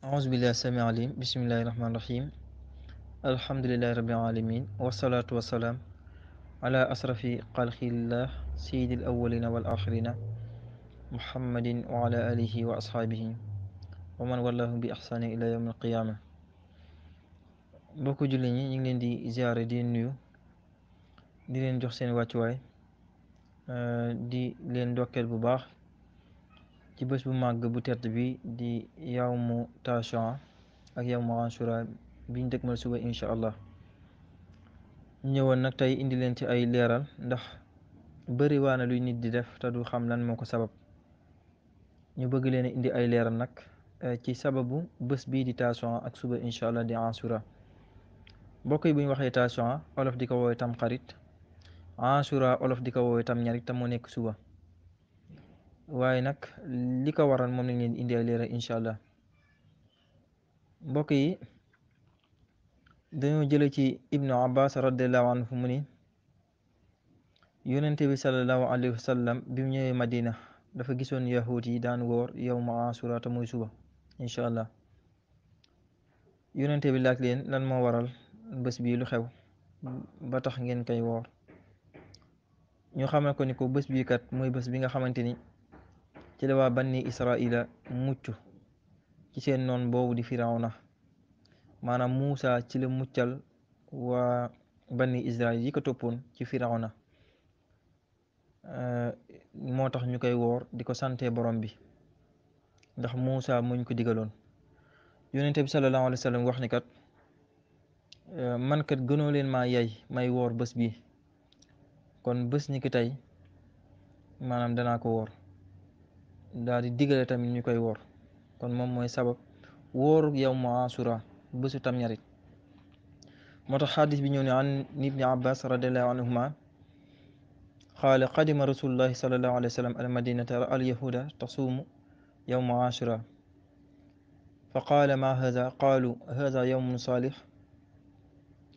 أعوذ بالله السميع العليم بسم الله الرحمن الرحيم الحمد لله رب العالمين والصلاة والسلام على أشرف خلق الله سيد الأولين والآخرين محمد وعلى آله وأصحابه ومن والله بإحسان إلى يوم القيامة بوكو jullit ñi ñu ngi leen di ziare دي nuyu di leen jox seen wàccuwaay ci bés bu màgg bu tedd bi di yawmu tashu'a ak yawmu ashura biñ dëgmal suba incha allah ñëwoon nag tey indi leen ci ay leeral ndax bëri waana luy nit di def te du xam lan moo ko sabab ñu bëgg leen indi ay leeral nag eh, ci sababu bés bii di tashu'a ak suba incha allah di ashura mbokk yi bu ñu waxee olof di ko woowee tam xarit ashura olof di ko woowee tam ñarit te moo nekk suba waaye nag li ko waral moom na leen indi ay leeral incha allah mbokk yi dañoo jële ci ibnu abbas radiallahu anhu mu ni yonente bi salallahu alayhi wa sallam bi ñëwee madina dafa gisoon yahut yi daan woor yow ma asuraata muy suba incha allah yonente bi laaj leen lan moo waral bës bii lu xew ba tax ngeen kay woor ñu xamal ko ko bés bii kat mooy bés bi nga xamante ni ci la waa banni israila mucc ci seen noon boobu di na maanaam muusa ci la muccal waa banni israil yi ko toppoon ci na moo tax ñu koy woor di ko sante borom bi ndax muusa muñ ko digaloon yonente bi sallallahu alayhi wax ni kat man kat gënoo leen ma yay may woor bës bi kon bés ni ki tey maanaam danaa ko woor daal di digale tamit ñu koy woor kon mom moy sabab wor yow ma asura bésu tam ñarit moo hadith bi ñëw ne an ibni abbas radhiyallahu anhuma qaala qadima rasulullahi salallahu alayhi wa sallam al madinata raa al yahuda tasuumu yowma ashura fa qaala ma hada qaalu hada yowmun saalix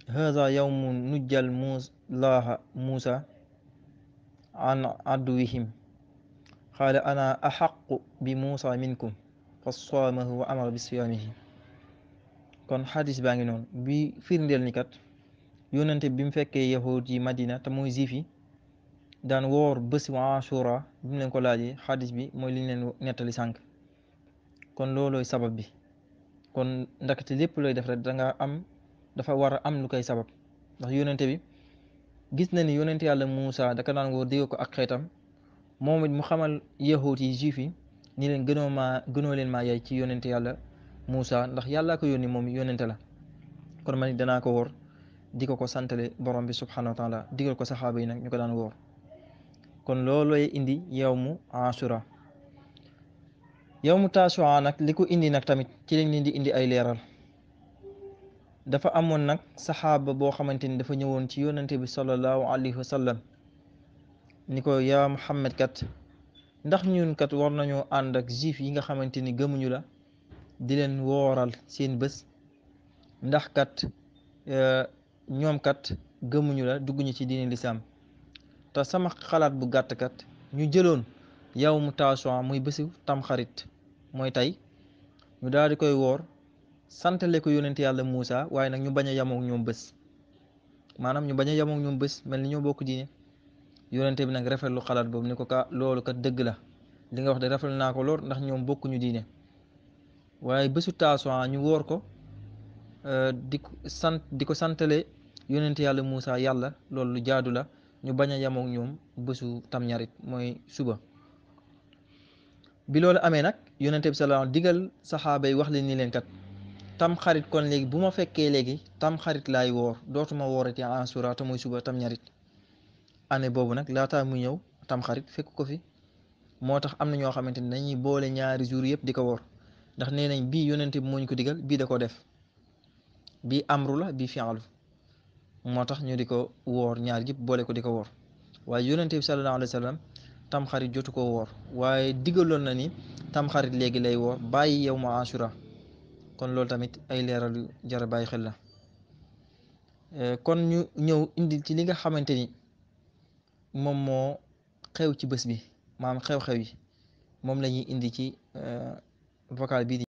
hada yowmu nujjal muus laaha muusa an aduwihim qaala ana axaqu bi muusa minkum fa saamahu wa amara bi siyaamihi kon xadis baa ngi noonu bi firndeel ni kat yónnante bi mu fekkee yahud yi madina te mooy juif yi daan woor bés wa ashura bi mu leen xadis bi mooy li ñu leen nettali sànq kon loolooy sabab bi kon ndakati lépp looy def rek am dafa war am lu koy sabab ndax yónnante bi gis na ni yónnante yàlla Muusa daka daan woor dégg ko ak xeetam moom mu xamal yahuut yi juif yi ni leen gënoo maa gënoo leen ma yaay ci yonente yàlla Moussa ndax yàllaa ko yónni moom yonente la kon man danaa ko wóor di ko ko santale borom bi subhanahu wa taala digal ko saxaaba yi nag ñu ko daan wóor kon loolooy indi yow mu asura yow mu taasua nag li ko indi nag tamit ci lañ ni di indi ay leeral dafa amoon nag saxaaba boo xamante ni dafa ñëwoon ci yonente bi sallallahu alayhi wa sallam ni ko yaa Muhammad kat ndax ñun kat war nañoo ànd ak juif yi nga xamante ni gëmuñu la di leen wooral seen bés ndax kat eh, ñoom kat gëmuñu la dugg ñu ci diine lislaam te sama xalaat bu gàtt kat ñu jëloon yow mu taasuwa muy bésu tamxarit mooy tey ñu daal di koy woor santale ko yónent yàlla Muusa waaye nag ñu bañ a yamook ñoom bés maanaam ñu bañ a yamook ñoom bés mel ni ñoo bokk diine yonente bi nag rafetlu xalaat boobu ni ko ka loolu kat dëgg la li nga wax de rafetlu naa ko lool ndax ñoom bokkuñu diine waaye bësu taasuwaan ah ñu woor ko euh, di ko sant di ko santale yonente yàlla Moussa yàlla loolu lu jaadu la ñu bañ a yemook ñoom bésu tamñarit mooy suba bi loolu amee nag yonente bi sallallahu digal saxaaba yi wax leen nii leen kat tam xarit kon léegi bu ma fekkee léegi tam xarit laay woor dootuma woorati ansura te muy suba tam ñarit année boobu nag laataa muy ñëw tamxarit fekk ko fi moo tax am na ñoo xamante ni dañuy boole ñaari jours yëpp di ko woor ndax nee nañ bii yonente bi mooñ ko digal bii da ko def bii amru la bii fi'lu moo tax ñu di ko woor ñaar yëpp boole ko di ko woor waaye yonente bi sallallahu alayhi wa sallam tamxarit jotu ko woor waaye digaloon na ni tamxarit léegi lay woor bàyyi yow ma asura kon loolu tamit ay leeral yu jar bàyyi xel la eh, kon ñu ñëw indi ci li nga xamante moom moo xew ci bés bi maanaam xew-xew yi moom la ñuy indi ci euh, vocal bii di